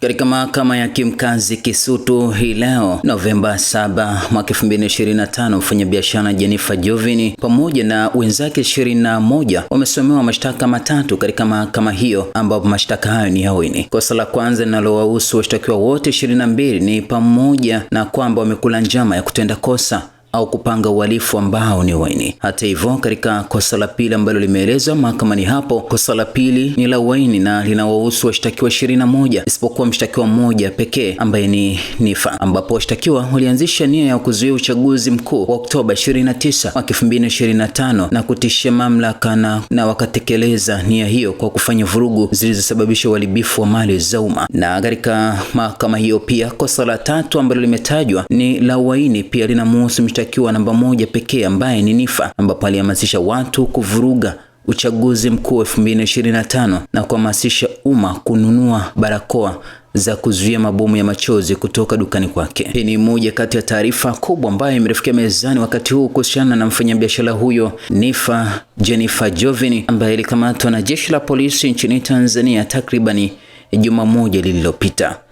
Katika mahakama ya kimkazi Kisutu hii leo Novemba 7 mwaka 2025, mfanyabiashara Jennifer Jovini pamoja na wenzake 21 wamesomewa mashtaka matatu katika mahakama hiyo, ambapo mashtaka hayo ni yawini. Kosa la kwanza linalowahusu washtakiwa wote 22 ni pamoja na kwamba wamekula njama ya kutenda kosa au kupanga uhalifu ambao ni uhaini. Hata hivyo, katika kosa la pili ambalo limeelezwa mahakamani hapo, kosa la pili ni la uhaini na linawahusu washtakiwa ishirini na moja isipokuwa mshtakiwa mmoja pekee ambaye ni Nifa, ambapo washtakiwa walianzisha nia ya kuzuia uchaguzi mkuu wa Oktoba 29 mwaka 2025 na kutishia mamlaka na, na wakatekeleza nia hiyo kwa kufanya vurugu zilizosababisha uharibifu wa mali za umma. Na katika mahakama hiyo pia kosa la tatu ambalo limetajwa ni la uhaini, pia linamhusu mshtakiwa akiwa namba moja pekee ambaye ni Nifa, ambapo alihamasisha watu kuvuruga uchaguzi mkuu wa 2025 na kuhamasisha umma kununua barakoa za kuzuia mabomu ya machozi kutoka dukani kwake. Hii ni moja kati ya taarifa kubwa ambayo imerefikia mezani wakati huu kuhusiana na mfanyabiashara huyo Nifa Jennifer Jovin ambaye alikamatwa na jeshi la polisi nchini Tanzania takribani juma moja lililopita.